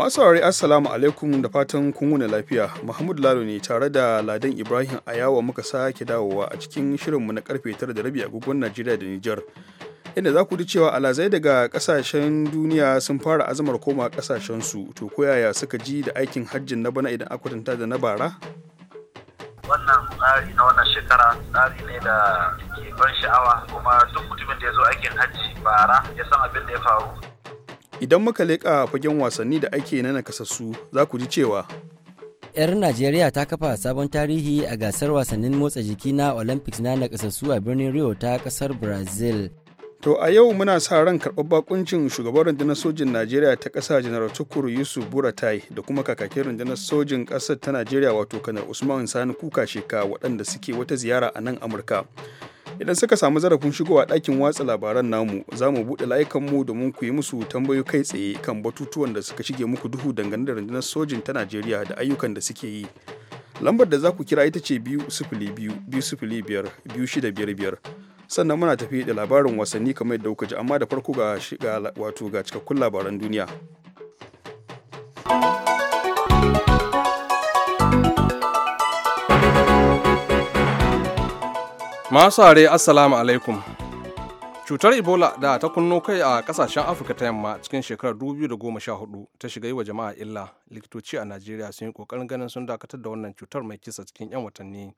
Masu saurari Assalamu alaikum da fatan kun wuna lafiya. Mahmud Lalo ne tare da Ladan Ibrahim Ayawa muka sake dawowa a cikin shirinmu na karfe tara da rabi agogon Najeriya da Nijar. Inda za ku ji cewa alazai daga kasashen duniya sun fara azamar koma kasashen su to koyaya yaya suka ji da aikin hajjin na bana idan aka kwatanta da na bara? Wannan tsari na wannan shekara tsari ne da ke ban sha'awa kuma duk mutumin da ya zo aikin hajji bara ya san abin da ya faru. idan muka leƙa fagen wasanni da ake na nakasassu za ku ji cewa 'yar najeriya ta kafa sabon tarihi a gasar wasannin motsa jiki na olympics na nakasassu a birnin rio ta kasar brazil to a yau muna sa ran karɓar bakuncin shugaban rundunar sojin najeriya ta ƙasa janar tukur yusuf buratai da kuma kakakin rundunar sojin ƙasar ta najeriya wato kanar usman sani kuka sheka waɗanda suke wata ziyara a nan amurka idan suka samu zarafin shigowa ɗakin watsa labaran namu za mu buɗe layukanmu domin ku yi musu tambayoyi kai tsaye kan batutuwan da suka shige muku duhu dangane da rundunar sojin ta najeriya da ayyukan da suke yi lambar da za ku kira ita ce biyu sifili biyu biyu sifili biyar biyu shida biyar sannan muna tafi da labarin wasanni kamar yadda kuka ji amma da farko ga wato ga cikakkun labaran duniya Masu hare Assalamu alaikum. Cutar Ebola da ta kunno kai a kasashen Afirka ta yamma cikin shekarar 2014 ta shiga yi wa jama'a illa likitoci a Najeriya sun yi kokarin ganin sun dakatar da wannan cutar mai kisa cikin 'yan watanni.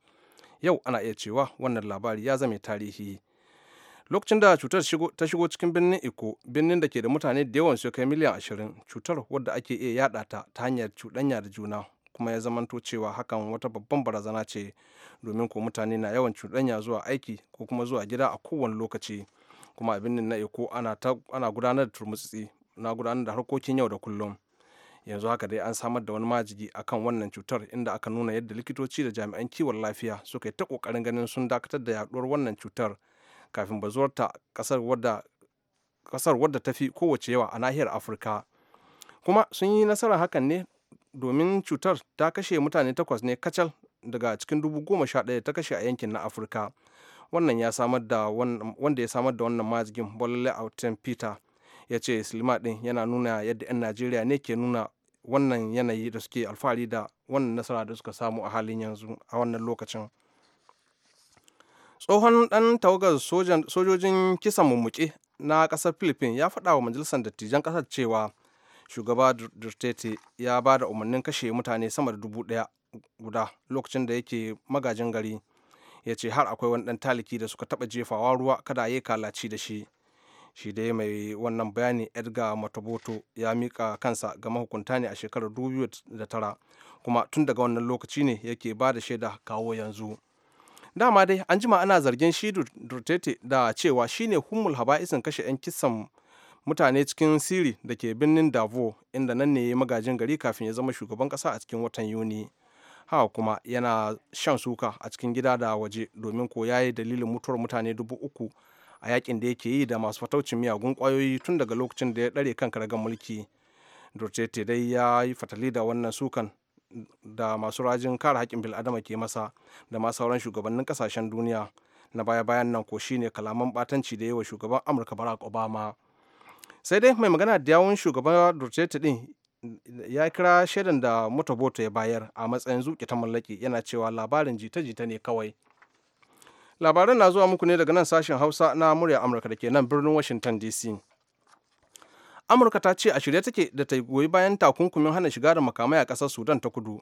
Yau ana iya cewa wannan labari ya zame tarihi. Lokacin da cutar ta shigo cikin birnin iko birnin da ke da mutane da yawan su kai miliyan 20, cutar wadda ake iya yada ta ta hanyar cuɗanya da juna kuma ya zamanto cewa hakan wata babban barazana ce domin ko mutane na yawan cuɗanya zuwa aiki ko kuma zuwa gida a kowane lokaci kuma abin nan na eko ana gudanar da turmutsi na gudanar da harkokin yau da kullum yanzu haka dai an samar da wani majigi akan wannan cutar inda aka nuna yadda likitoci da jami'an kiwon lafiya suka yi ta kokarin ganin sun dakatar da yaduwar wannan cutar kafin bazuwarta ta kasar wadda kasar ta fi kowace yawa a nahiyar afirka kuma sun yi nasarar hakan ne domin cutar ta kashe mutane takwas ne kacal daga cikin dubu goma sha ɗaya ta kashe a yankin na afirka wannan ya samar da wanda ya samar da wannan majigin bolalle autan peter ya ce silima ɗin yana nuna yadda 'yan najeriya ne ke nuna wannan yanayi da suke alfahari da wannan nasara da suka samu a halin yanzu a wannan lokacin tsohon ɗan tawagar sojojin kisan mummuke na ƙasar philippines ya faɗa wa majalisar dattijan ƙasar cewa shugaba duterte ya ba da umarnin kashe mutane sama da dubu daya guda lokacin da yake magajin gari ya ce har akwai wani dan taliki da suka taba jefawa ruwa kada ya kalaci da shi shi dai mai wannan bayani edgar mataboto ya mika kansa ga mahukunta ne a shekarar 2009 kuma tun daga wannan lokaci ne yake ba da shaida kawo yanzu dama dai an jima ana zargin shi da cewa shine hummul haba'isin kashe 'yan kisan mutane cikin siri da ke birnin davo inda nan ne ya magajin gari kafin ya zama shugaban kasa a cikin watan yuni haka kuma yana shan suka a cikin gida da waje domin ko yayi dalilin mutuwar mutane dubu uku a yakin da yake yi da masu fataucin miyagun kwayoyi tun daga lokacin da ya dare kan karagar mulki duterte dai ya yi fatali da wannan sukan da masu rajin kare haƙƙin bil'adama ke masa da ma sauran shugabannin kasashen duniya na baya-bayan nan ko shine kalaman batanci da yawa shugaban amurka barack obama sai dai mai magana da yawun shugaban duterte din ya kira shaidan da motoboto ya bayar a matsayin zuke ta mallaki yana cewa labarin jita-jita ne kawai labaran na zuwa muku ne daga nan sashen hausa na murya amurka da ke nan birnin washington dc amurka ta ce a shirye take da ta goyi bayan takunkumin hana shiga da makamai a ƙasar sudan ta kudu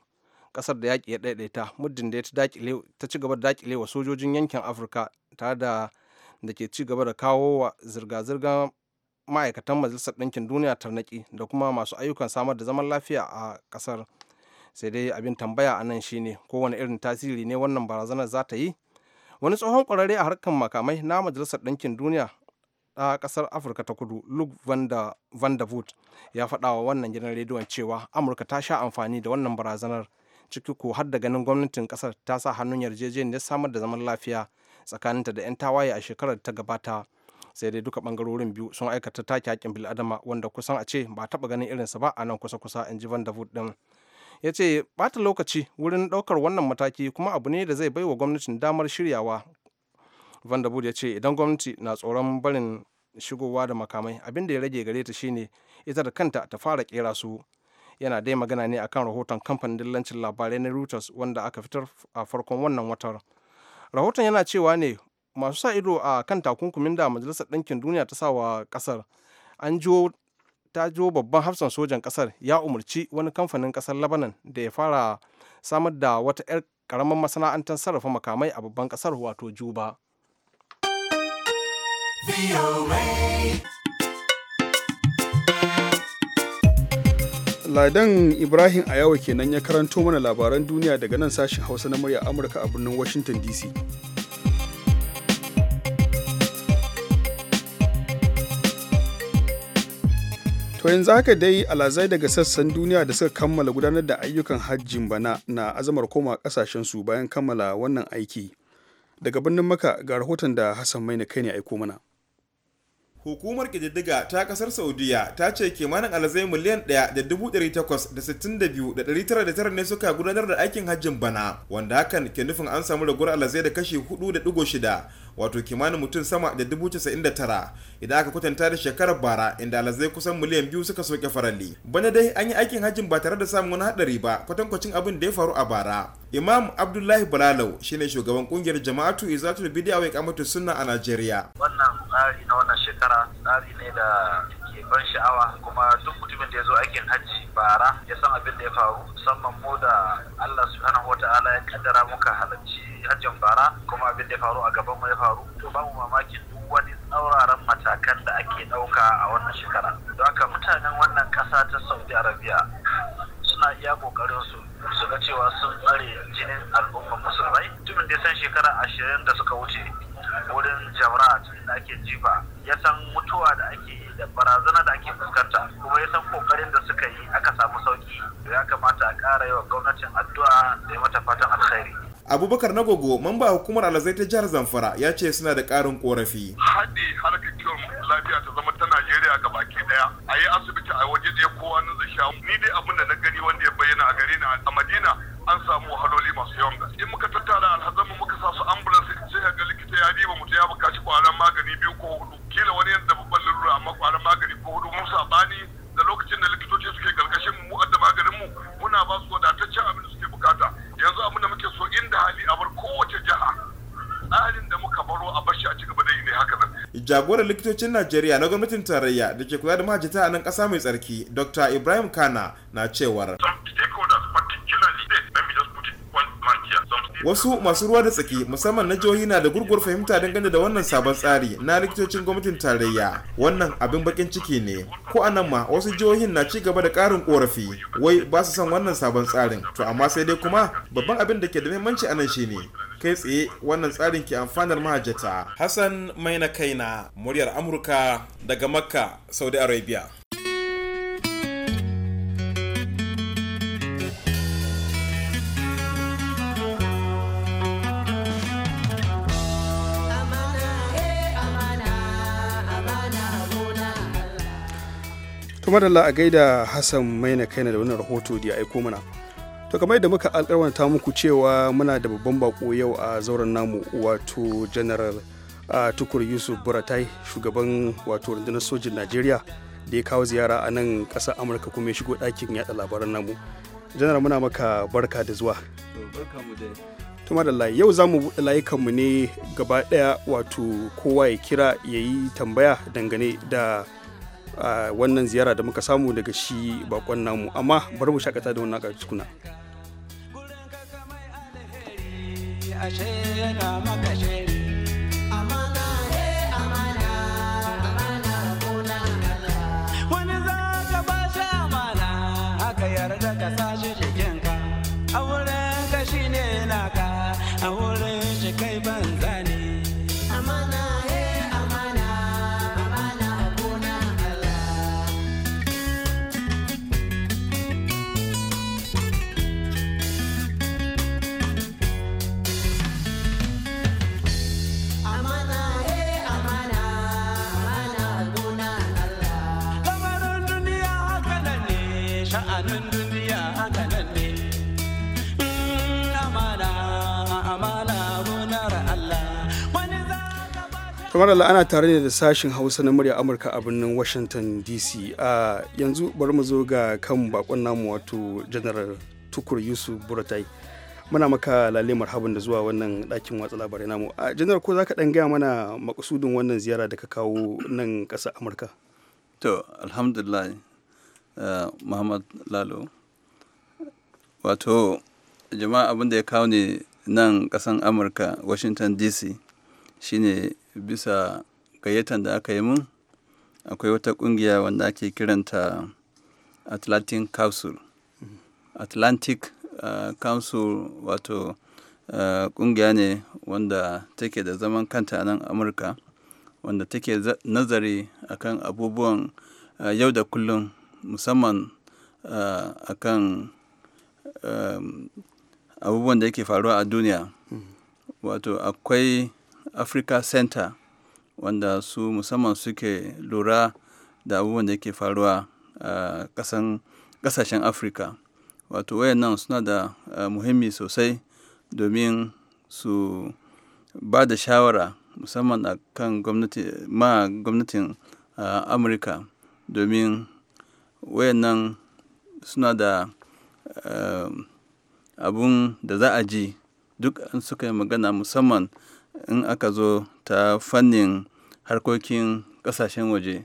ƙasar da yaƙi ya ɗaiɗaita muddin da ta ci gaba da dakile wa sojojin yankin afirka tare da ke ci gaba da kawo wa zirga-zirgar ma'aikatan majalisar ɗinkin duniya tarnaki da kuma masu ayyukan samar da zaman lafiya a ƙasar sai dai abin tambaya a nan shine kowane irin tasiri ne wannan barazanar za ta yi wani tsohon ƙwararre a harkar makamai na majalisar ɗinkin duniya a ƙasar afirka ta kudu luke van der voot ya faɗa wa wannan gidan rediyon cewa amurka ta sha amfani da wannan barazanar ciki ko har da ganin gwamnatin ƙasar ta sa hannun yarjejeniyar samar da zaman lafiya tsakaninta da 'yan tawaye a shekarar ta gabata sai dai duka bangarorin biyu sun aikata take haƙƙin adama wanda kusan a ce ba taba ganin irinsa ba a nan kusa-kusa in ji van da din ya ce bata lokaci wurin ɗaukar wannan mataki kuma abu ne da zai baiwa gwamnatin damar shiryawa van der ya ce idan gwamnati na tsoron barin shigowa da makamai abin da ya rage gare ta shine ita da kanta ta fara kera su yana dai magana ne akan rahoton kamfanin dillancin labarai na reuters wanda aka fitar a farkon wannan watar rahoton yana cewa ne masu sa ido a kan takunkumin da majalisar ɗinkin duniya ta sa wa ƙasar an jiwo ta jiwo babban hafsan sojan ƙasar ya umarci wani kamfanin ƙasar labanan da ya fara samar da wata 'yar ƙaramin masana'antar sarrafa makamai a babban ƙasar wato juba Ladan Ibrahim Ayawa kenan ya karanto mana labaran duniya daga nan sashen Hausa na murya Amurka a birnin Washington DC. To yanzu haka dai alazai daga sassan duniya da suka kammala gudanar da ayyukan hajjin bana na azamar koma kasashen su bayan kammala wannan aiki. Daga birnin maka ga rahoton da Hassan Maina kai ne aiko mana. Hukumar ƙididdiga ta kasar Saudiya ta ce kimanin alazai miliyan ɗaya da dubu ɗari ne suka gudanar da aikin hajjin bana wanda hakan ke nufin an samu raguwar alazai da kashi hudu da wato kimanin mutum sama da dubu casa'in da tara idan aka kwatanta da shekarar bara inda alazai kusan miliyan biyu suka soke faralli bana dai an yi aikin hajjin ba tare da samun wani hadari ba kwatankwacin abin da ya faru a bara imam abdullahi balalau shine shugaban kungiyar jama'atu izatul bidiya wa sunna a najeriya wannan tsari na wannan shekara tsari ne da ban sha'awa kuma duk mutumin da ya zo aikin hajji bara ya san abin da ya faru musamman mu da Allah subhanahu wa ta'ala ya kaddara muka halarci hajjin bara kuma abin da ya faru a gaban mu ya faru to babu mamakin duk wani tsauraran matakan da ake ɗauka a wannan shekara don haka mutanen wannan ƙasa ta Saudi Arabia suna iya ƙoƙarin su su ga cewa sun tsare jinin al'umma musulmai mutumin da ya san shekara ashirin da suka wuce wurin jamrat da ake jifa ya san mutuwa da ake barazana da ake fuskanta kuma ya san kokarin da suka yi aka samu sauki ya kamata a ƙara yawan gwamnatin addu'a da mata fatan alkhairi abubakar nagogo mamba hukumar alazai ta jihar zamfara ya ce suna da ƙarin korafi haɗe harkar kiwon lafiya ta zama ta najeriya ga baki daya a yi asibiti a waje da kowa na zai ni dai abin da na gani wanda ya bayyana a gari na a madina an samu wahaloli masu yawan gaske in muka jagoran likitocin najeriya na gwamnatin tarayya da ke kula da mahajjata a nan kasa mai tsarki dr ibrahim kana na cewar wasu masu ruwa da tsaki musamman na jihohi na da gurgur fahimta dangane da wannan sabon tsari na likitocin gwamnatin tarayya wannan abin bakin ciki ne ko a nan ma wasu jihohin na ci gaba da karin korafi wai ba su son wannan sabon tsarin to amma sai dai kuma babban abin da ke da muhimmanci a nan shine kai tsaye wannan tsarin ke amfanar mahajjata hassan mai na kaina muryar amurka daga makka saudi arabia kuma a gaida hassan mai maina kaina da wani rahoto da ya aiko mana to kamar da muka alkarwanta muku cewa muna da babban bako yau a zauren namu wato general uh, tukur yusuf buratai shugaban wato rundunar sojin najeriya da ya kawo ziyara a nan ƙasar amurka kuma ya shigo ɗakin yada labaran namu general muna maka barka da zuwa tuma da layi yau za mu buɗe layukanmu ne gaba ɗaya wato kowa ya kira ya yi tambaya dangane da wannan ziyara da muka samu daga shi bakon namu amma bari mu shakata da wannan tukuna. ashe yana makashe faɗin kamar mm, Allah ana tare ne da sashin hausa na murya amurka a birnin washington dc a yanzu bari mu zo ga kan bakon namu wato general tukur yusuf buratai muna maka lalle marhaban da zuwa wannan dakin watsa labarai namu a janar ko za ka ɗan gaya mana makasudin wannan ziyara da ka kawo nan ƙasa amurka to alhamdulillah Muhammad Lalo. Wato, jama'a abin da ya kawo ne nan ƙasan Amurka, Washington DC, shine bisa gayyatan da aka yi mun akwai wata ƙungiya wanda ake kiranta Atlantic Council. Atlantic uh, Council wato eh, ƙungiya uh, ne wanda take da zaman kanta nan Amurka, wanda take nazari akan abubuwan uh, yau da kullum musamman uh, eh, a kan um, eh, abubuwan da yake faruwa a duniya wato akwai africa center wanda su musamman suke lura da abubuwan da yake faruwa a uh, eh, kasashen africa wato wayannan suna da uh, muhimmi sosai domin su ba da shawara musamman a kan gwamnati ma gwamnatin uh, amurka domin wayannan suna da eh, abun da za a ji duk an suka yi magana musamman in aka zo ta fannin harkokin ƙasashen waje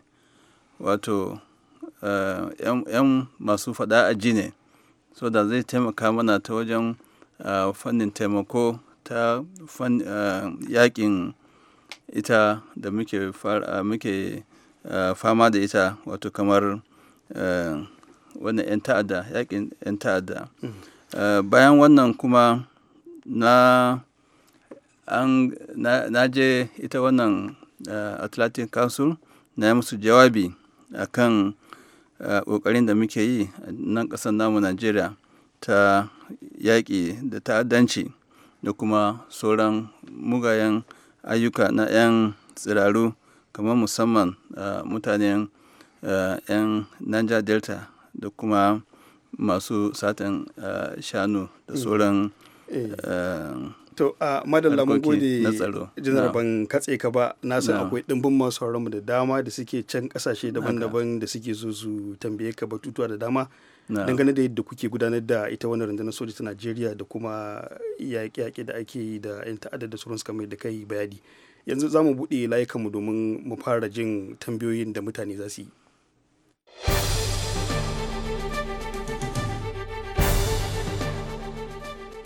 wato eh, yan masu faɗa a ji ne so da zai taimaka mana ta wajen eh, fannin taimako ta yakin ita da muke fama da ita wato kamar Eh, wannan 'yan ta'adda yakin 'yan ta'adda eh, bayan wannan kuma na an na je ita wannan eh, atlantic council na yi musu jawabi kan kokarin da muke yi nan ƙasar namu nigeria ta yaƙi da ta'addanci da kuma sauran mugayen ayyuka na 'yan tsiraru kamar musamman mutanen Eh, 'yan niger delta da kuma masu satan eh, shanu da mm. sauran eh. to a ah, madalla mun gode jinar ban katse ka ba na san akwai dimbin masu mu da dama da suke can kasashe daban-daban da suke zo su tambaye ka batutuwa da dama dangane da yadda kuke gudanar da ita wannan rundunar soja ta najeriya da kuma yaƙe-yaƙe da ake yi da 'yan ta'addar da sauransu kamar da kai bayani yanzu zamu mu buɗe layukanmu domin mu fara jin tambayoyin da mutane za su yi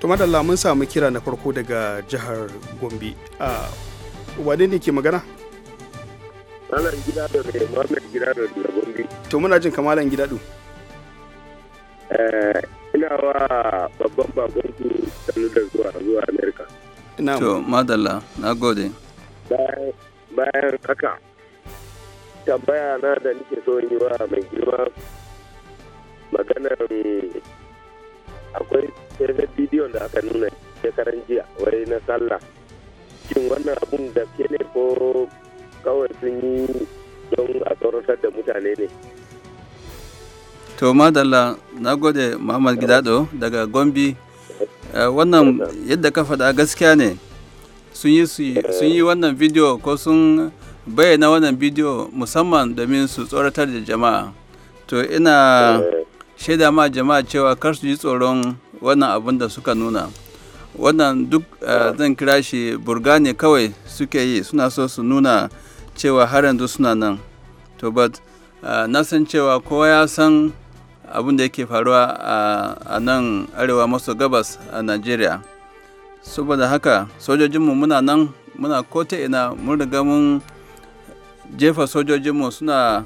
to madalla mun samu kira na farko daga jihar gombe a wane ne ke magana malam gida da ne malam gida da daga gombe to muna jin ka malam gida du eh, ina wa babban babban ku sanu da zuwa zuwa america to madalla na gode bayan haka tambaya na da nake so yi wa mai girma maganar akwai sai ga bidiyon da aka nuna shekaran jiya wai na sallah shin wannan abun da ke ne ko kawai sun yi don a tsoratar da mutane ne to madalla na gode muhammad gidado daga gombi eh, wannan yadda ka faɗa gaskiya ne sun yi wannan bidiyo ko sun bayyana wannan bidiyo musamman domin su tsoratar da jama'a to ina eh. shaida ma jama'a cewa kar su ji tsoron wannan abin da suka nuna wannan duk eh, zan kira shi burga ne kawai suke yi suna so su nuna cewa har yanzu suna nan to but eh, na san cewa kowa ya san abin da yake faruwa a nan arewa maso gabas a nigeria saboda haka sojojinmu muna nan muna kota ina mun riga mun jefa sojojinmu suna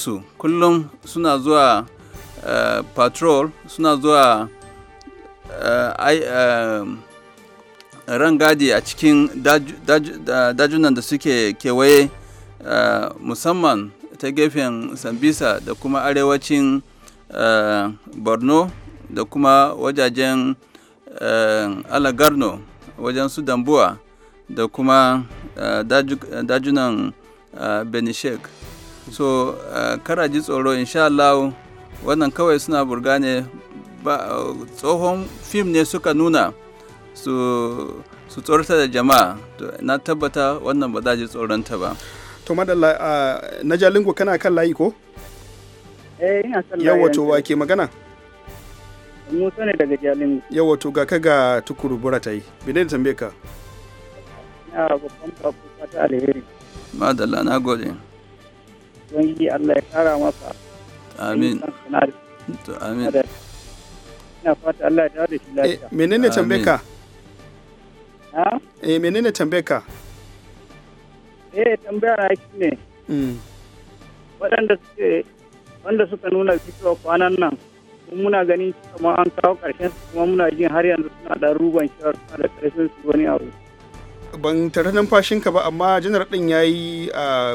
su kullum suna zuwa uh, patrol suna zuwa eh, eh, rangadi a cikin dajunan da suke kewaye musamman ta gefen sambisa da kuma arewacin borno da kuma wajajen alagarno wajen su dambuwa da kuma dajunan benishek so kara ji tsoro insha Allah wannan kawai suna burga ne tsohon fim ne suka nuna su su tsorata da jama'a na tabbata wannan ba za ji tsoronta ba to madalla na jalingo kana kan layi ko eh ina kan layi yawa to wa ke magana Musa ne daga Jalingo. Yawa to ga ka ga tukuru bura ta yi. Bine da tambaye ka. Ina babban babu fata alheri. Madalla na gode. Don yi Allah ya kara masa amin to amin ina fata Allah ya dawo da shi eh, lafiya menene tambayka ha eh menene tambayka eh tambaya na shi ne mm. wadanda suke wanda suka nuna fitowa kwanan nan muna ganin kuma an kawo ƙarshen kuma muna jin har yanzu suna da ruban shawar da karshen su wani abu ban tare ka ba amma janar din ya yi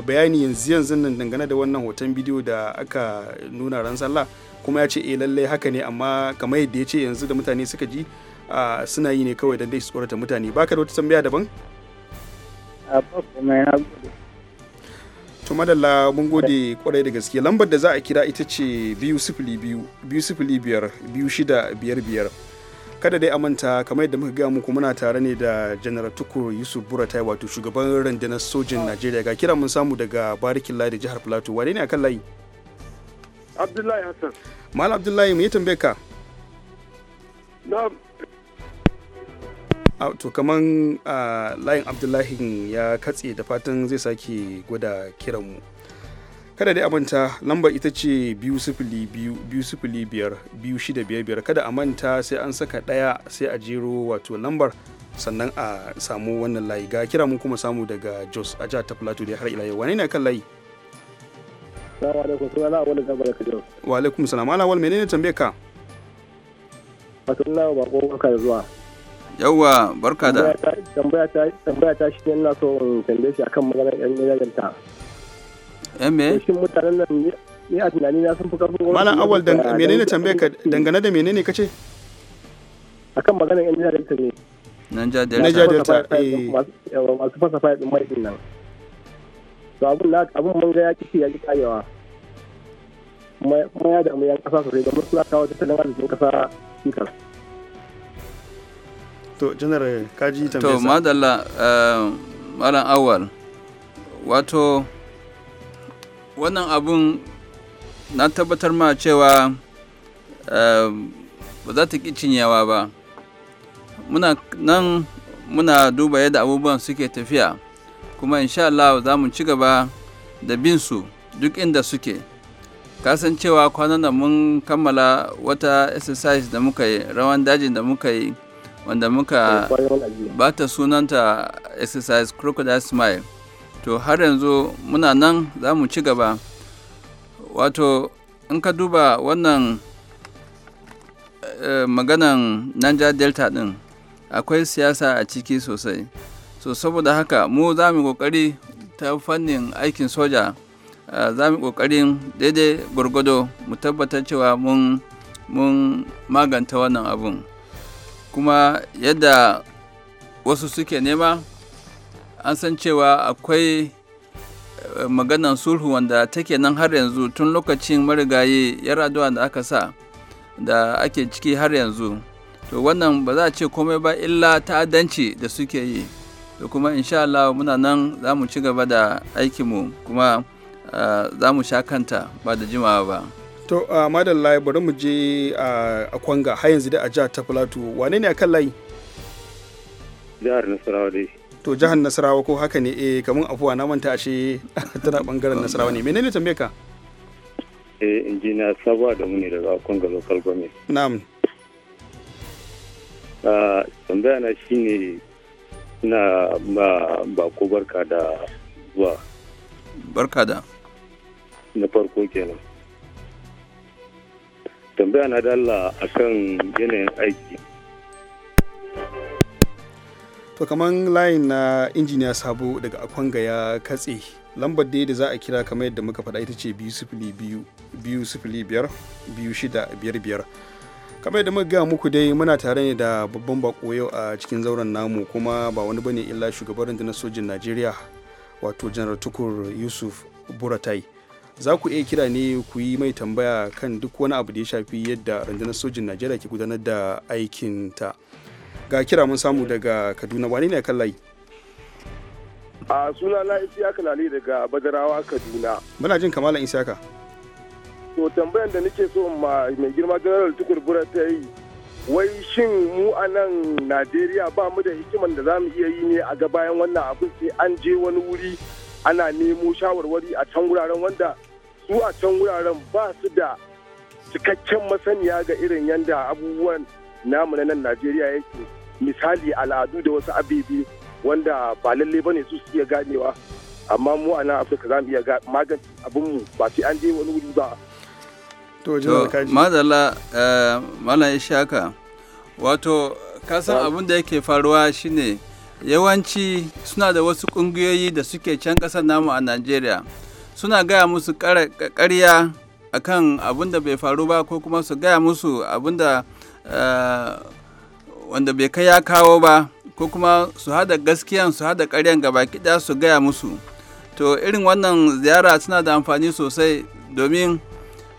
bayani yanzu yanzu nan dangane da wannan hoton bidiyo da aka nuna ran sallah kuma ya ce eh lallai haka ne amma kamar yadda ya ce yanzu da mutane suka ji suna yi ne kawai don dai su tsorata mutane baka da wata tambaya daban to madalla mun gode kwarai da gaske lambar da za a kira ita ce biyu sifili biyu biyu sifili biyar biyu shida biyar biyar kada dai a manta kamar yadda muka gaya muku muna tare ne da janar tukur yusuf buratai wato shugaban rundunar sojin najeriya ga kira mun samu daga barikin layi da jihar plateau wane ne akan layi abdullahi hassan mal abdullahi mu yi tambayar ka to kaman layin abdullahi ya katse da fatan zai sake gwada kiranmu mu kada dai a manta lambar ita ce biyu sifili biyu sifili biyar biyu shida biyar biyar kada a manta sai an saka ɗaya sai a jero wato lambar sannan a samu wannan layi ga kira mun kuma samu daga jos a jihar ta plateau da har ilayi yau wani ne kan layi Salamu alaikum, Wa alaikum salam, ala wal menene tambaye ka? Wato ba ko barka da zuwa. yawa barka da. Tambaya ta shi ne na so in tambaye shi akan maganar yan yayanta. yan eh, me shin mutanen nan ni a tunani na sun fi karfin gwamnati malam ka dangane da menene kace akan maganar yan delta ne Niger Delta Niger Delta eh. masu fasa fayar nan to abun na abun mun ga ya kici ya ki kayewa kuma ya damu yan kasa sosai domin suna kawo tattalin arzikin cikas to general kaji tambayar to madalla eh, malam awal wato wannan abun na tabbatar ma cewa eh, ba za ta ƙi cinyewa ba muna nan muna duba yadda abubuwan suke tafiya kuma insha Allah za mu ci gaba da bin su duk inda suke kasancewa kwanan da mun kammala wata exercise da muka yi rawan dajin da muka yi wanda muka bata sunanta exercise crocodile smile to har yanzu muna nan za mu ci gaba wato in ka duba wannan eh, maganan niger delta din akwai siyasa a ciki sosai so saboda haka mu za mu kokari ta fannin aikin soja eh, za mu kokarin daidai gwargwado mu tabbatar cewa mun mun maganta wannan abun kuma yadda wasu suke nema an san cewa akwai eh, maganan sulhu wanda take nan har yanzu tun lokacin marigayi yaraduwa da aka sa da ake ciki har yanzu to wannan ba za a ce komai ba illa ta'addanci da suke yi to kuma insha Allah muna nan za mu ci gaba da aikinmu kuma eh, za mu sha kanta ba da jimawa ba to uh, madalla bari mu je uh, a kwanga har yanzu da a jihar ta plateau wane ne a kan layi jihar nasarawa dai to jihar nasarawa ko haka ne eh kamun afuwa na manta ashe tana bangaren nasarawa ne menene tambaye ka eh injiniya sabuwa da muni daga konga local government na'am a ah, tambaya na shine na ba ba ko barka da zuwa barka da na farko kenan tambaya na dalla akan yanayin aiki to kamar layin na injiniya sabo daga akwanga ya katse lambar da za a kira kamar yadda muka faɗa ita ce biyu sifili biyu biyu sifili biyar biyu shida biyar biyar kamar yadda muka gaya muku dai muna tare ne da babban bako yau a cikin zauren namu kuma ba wani bane illa shugaban rundunar sojin najeriya wato janar tukur yusuf buratai za ku iya kira ne ku yi mai tambaya kan duk wani abu da ya shafi yadda rundunar sojin najeriya ke gudanar da aikin ta ga kira mun samu daga kaduna wani ne kan a suna na isiyaka lali daga badarawa kaduna muna jin kamalan isiyaka to tambayan da nake so ma mai girma general tukur bura ta yi wai shin mu a nan najeriya ba mu da hikiman da za mu iya yi ne a ga bayan wannan abin sai an je wani wuri ana nemo shawarwari a can wuraren wanda su a can wuraren ba su da cikakken masaniya ga irin yadda abubuwan namu na nan najeriya yake misali al'adu da wasu abibi wanda ba lalle bane su su iya ganewa amma mu a nan afirka za mu iya magance abinmu ba sai an je wani wuri ba to madalla eh, malam ishaka wato kasan abin da yake faruwa shine yawanci suna da wasu ƙungiyoyi da suke can kasar namu a najeriya suna gaya musu karya akan abin da bai faru ba ko kuma su gaya musu abin da Eh, wanda bai kai ya kawo ba ko kuma su hada gaskiyan su hada karyan gaba kiɗa su gaya musu to irin wannan ziyara suna da amfani sosai domin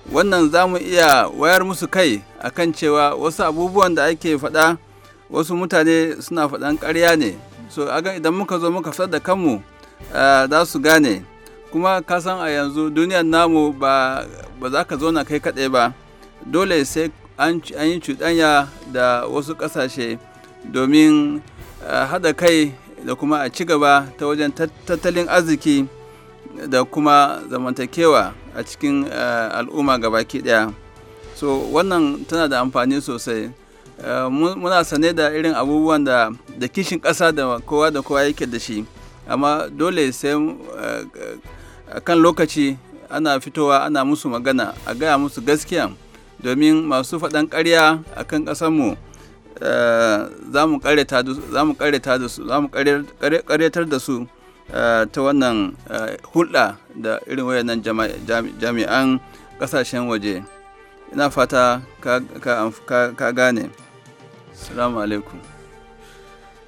wannan za mu iya wayar musu kai akan cewa wasu abubuwan da ake faɗa wasu mutane suna faɗan ƙarya ne so idan muka zo muka fitar da kanmu eh, za su gane kuma ka san a yanzu duniyar namu ba za ka zo na kai kaɗai ba dole sai an yi cuɗanya da wasu ƙasashe domin eh, haɗa kai da kuma a ci gaba ta wajen tattalin arziki da kuma zamantakewa a cikin eh, al'umma gabaki ɗaya so wannan tana da amfani sosai eh, muna sane da irin abubuwan da kishin ƙasa da kowa da kowa yake da shi amma dole sai kan lokaci ana fitowa ana musu magana a gaya musu gaskiya domin masu faɗan ƙarya a kan ƙasarmu eh, za mu ƙaryatar da su eh, ta wannan eh, hulɗa da irin wayannan jami'an ƙasashen waje ina fata ka gane salamu alaikum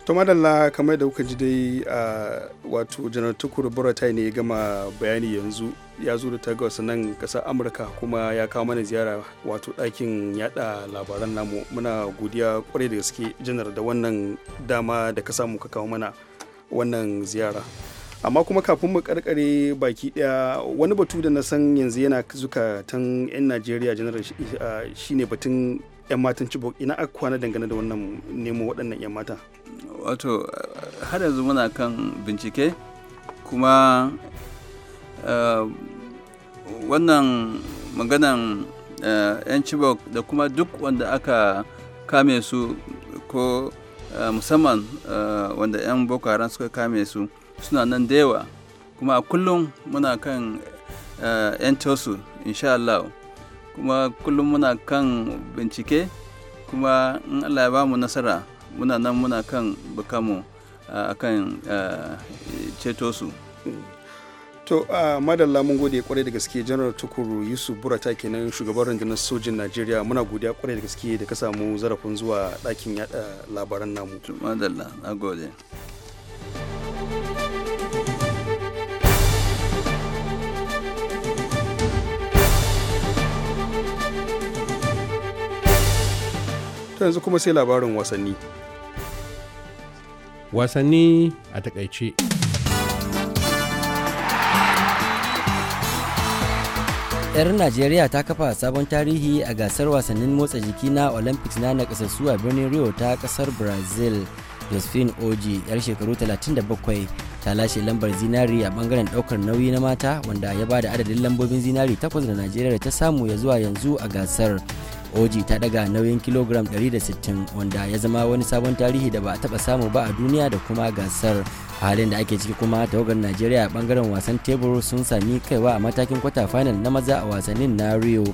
to madalla kamar da kuka ji dai a wato janar tukur buratai ne ya gama bayani yanzu ya zo da wasu nan kasar amurka kuma ya kawo mana ziyara wato ɗakin yada labaran namu muna godiya kwarai da gaske janar da wannan dama da ka samu ka kawo mana wannan ziyara amma kuma kafin mu karkare baki ɗaya wani batu da na san yanzu yana zukatan 'yan najeriya janar shine batun 'yan matan chibok ina aka kwana dangane da wannan nemo waɗannan 'yan mata wato har yanzu muna kan bincike kuma eh, wannan maganan eh, 'yan chibok da kuma duk wanda aka kame su ko eh, musamman wanda 'yan boko haram suka kame su suna nan da yawa kuma a kullum muna kan 'yan tosu insha Allah kuma kullum muna kan bincike kuma in allah ya bamu nasara muna nan muna kan bukamu a kan ceto su to a madalla mun gode kwarai da gaske general tukuru yusuf burata kenan shugaban rundunar sojin najeriya muna godiya kwarai da gaske da ka samu zarafin zuwa ɗakin yada labaran namu madalla na gode yanzu kuma sai labarin wasanni wasanni a takaice yar najeriya ta kafa sabon tarihi a gasar wasannin motsa jiki na olympics na nakasassu a birnin rio ta kasar brazil josephine oji yar shekaru 37 ta lashe lambar zinari a bangaren daukar nauyi na mata wanda ya bada adadin lambobin zinari takwas da najeriya ta samu ya zuwa yanzu a gasar oji ta daga nauyin kilogram 160 wanda ya zama wani sabon tarihi da ba a taba samu ba a duniya da kuma gasar a halin da ake ciki kuma tawagar najeriya a bangaren wasan tebur sun sami kaiwa a matakin kwata final na maza a wasannin na rio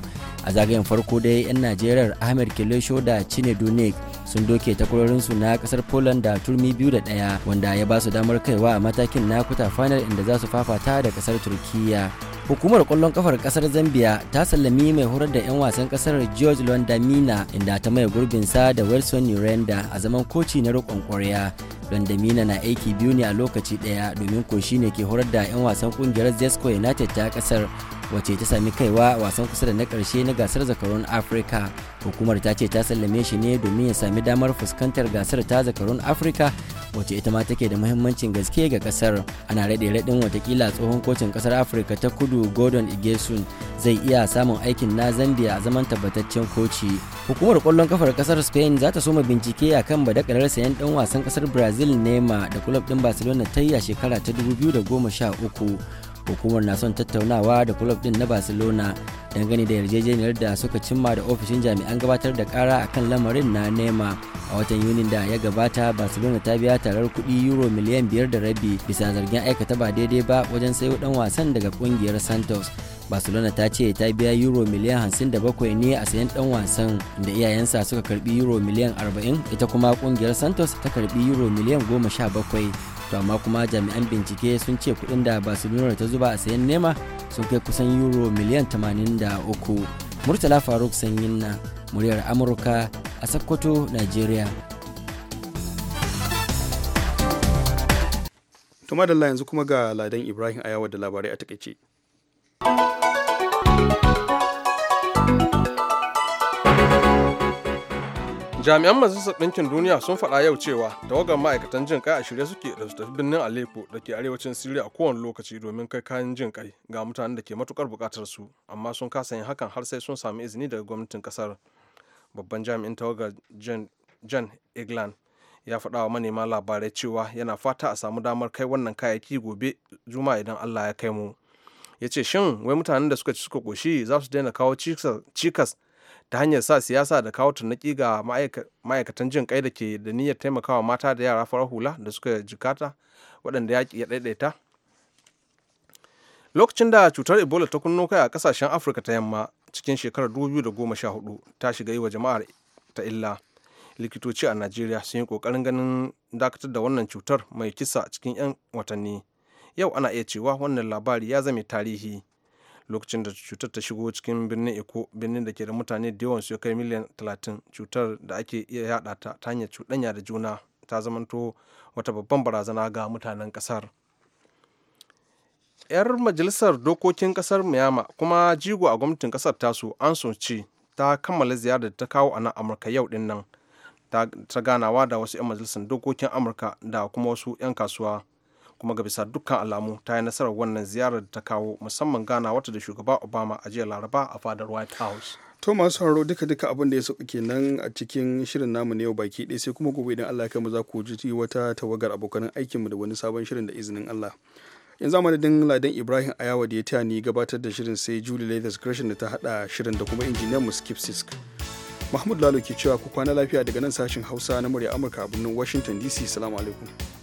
a zagayen farko dai 'yan najeriyar ahmed kilesho da chine dunik sun doke takwarorinsu na kasar poland da turmi biyu da daya wanda ya ba su damar kaiwa a matakin na kwata final inda za su fafata da kasar turkiya hukumar kwallon kafar kasar zambia ta sallami mai horar da 'yan wasan kasar george londamina inda ta maye gurbinsa da wilson Nurenda, a zaman koci na roƙon kwarya londamina na aiki biyu ne a lokaci ɗaya domin ko ne ke horar da 'yan wasan kungiyar zesco united ta kasar Wace ta sami kaiwa wasan kusa da na ƙarshe na gasar zakarun Afrika? hukumar ta ce ta sallame shi ne domin ya sami damar fuskantar gasar ta zakarun Afrika? Wace ita ma take da muhimmancin gaske ga kasar ana raɗe raɗin watakila tsohon kocin kasar afirka ta kudu kudu gordon igesun zai iya samun aikin na zambia a zaman tabbataccen koci hukumar kwallon kafar kasar spain za ta soma bincike a kan badakarar sayan dan wasan kasar brazil nema da kulob din barcelona ta yi a shekara ta 2013 hukumar na son tattaunawa da kulob din na barcelona dangane da yarjejeniyar da suka cimma da ofishin jami'an gabatar da kara akan lamarin na nema a watan yunin da ya gabata barcelona ta biya tarar kudi euro miliyan biyar da rabi bisa zargin aikata ba daidai ba wajen sayo dan wasan daga kungiyar santos barcelona ta ce ta biya euro miliyan hamsin da bakwai ne a sayan dan wasan da iyayensa suka karbi euro miliyan arba'in ita kuma kungiyar santos ta karbi euro miliyan goma sha bakwai. to amma kuma jami'an bincike sun ce kudin da barcelona ta zuba a sayan nema sun kai kusan euro miliyan 83 murtala faruk sanyin na muryar amurka a sokoto nigeria to madalla yanzu kuma ga ladan ibrahim ayawa da labarai a takaice jami'an majalisar ɗinkin duniya sun faɗa yau cewa tawagar ma'aikatan jin kai a shirye suke da su tafi birnin aleppo da ke arewacin siriya a kowane lokaci domin kai kayan jin kai ga mutanen da ke matukar buƙatar su amma sun kasa yin hakan har sai sun sami izini daga gwamnatin kasar babban jami'in tawagar jan eglan ya faɗa wa manema labarai cewa yana fata a samu damar kai wannan kayayyaki gobe juma'a idan allah ya kai mu ya ce shin wai mutanen da suka ci suka koshi za su daina kawo cikas ta hanyar sa siyasa da kawo tunaki ga ma'aikatan jin kai da ke da niyyar taimakawa mata da yara farar hula da suka jikata waɗanda ya ya ɗaiɗaita lokacin da cutar ebola ta kunno kai a ƙasashen afirka ta yamma cikin shekarar hudu ta shiga yi wa jama'ar ta illa likitoci a najeriya sun yi ƙoƙarin ganin dakatar da wannan cutar mai kisa cikin 'yan watanni yau ana iya cewa wannan labari ya zame tarihi lokacin da cutar ta shigo cikin birnin eko birnin da ke da mutane da yawan su kai miliyan 30 cutar da ake iya yada ta ta hanyar cuɗanya da juna ta zamanto wata babban barazana ga mutanen kasar yar majalisar dokokin kasar miyama kuma jigo a gwamnatin kasar tasu an soci ta kammala ziyarar da ta kawo a nan amurka yau din nan ta ganawa da wasu 'yan majalisar dokokin amurka da kuma wasu 'yan kasuwa kuma ga bisa dukkan alamu ta yi nasarar wannan ziyarar da ta kawo musamman gana wata da shugaba obama a jiya laraba a fadar white house to masu sauraro duka duka abin da ya sauka kenan a cikin shirin namu na yau baki ɗaya sai kuma gobe idan allah ya mu za ku ji wata tawagar abokan mu da wani sabon shirin da izinin allah yanzu da ladan ibrahim ayawa da ya taya ni gabatar da shirin sai julie leathers gresham da ta hada shirin da kuma injiniyan mu skip sisk mahmud lalo ke cewa ku kwana lafiya daga nan sashen hausa na murya amurka a birnin washington dc salamu alaikum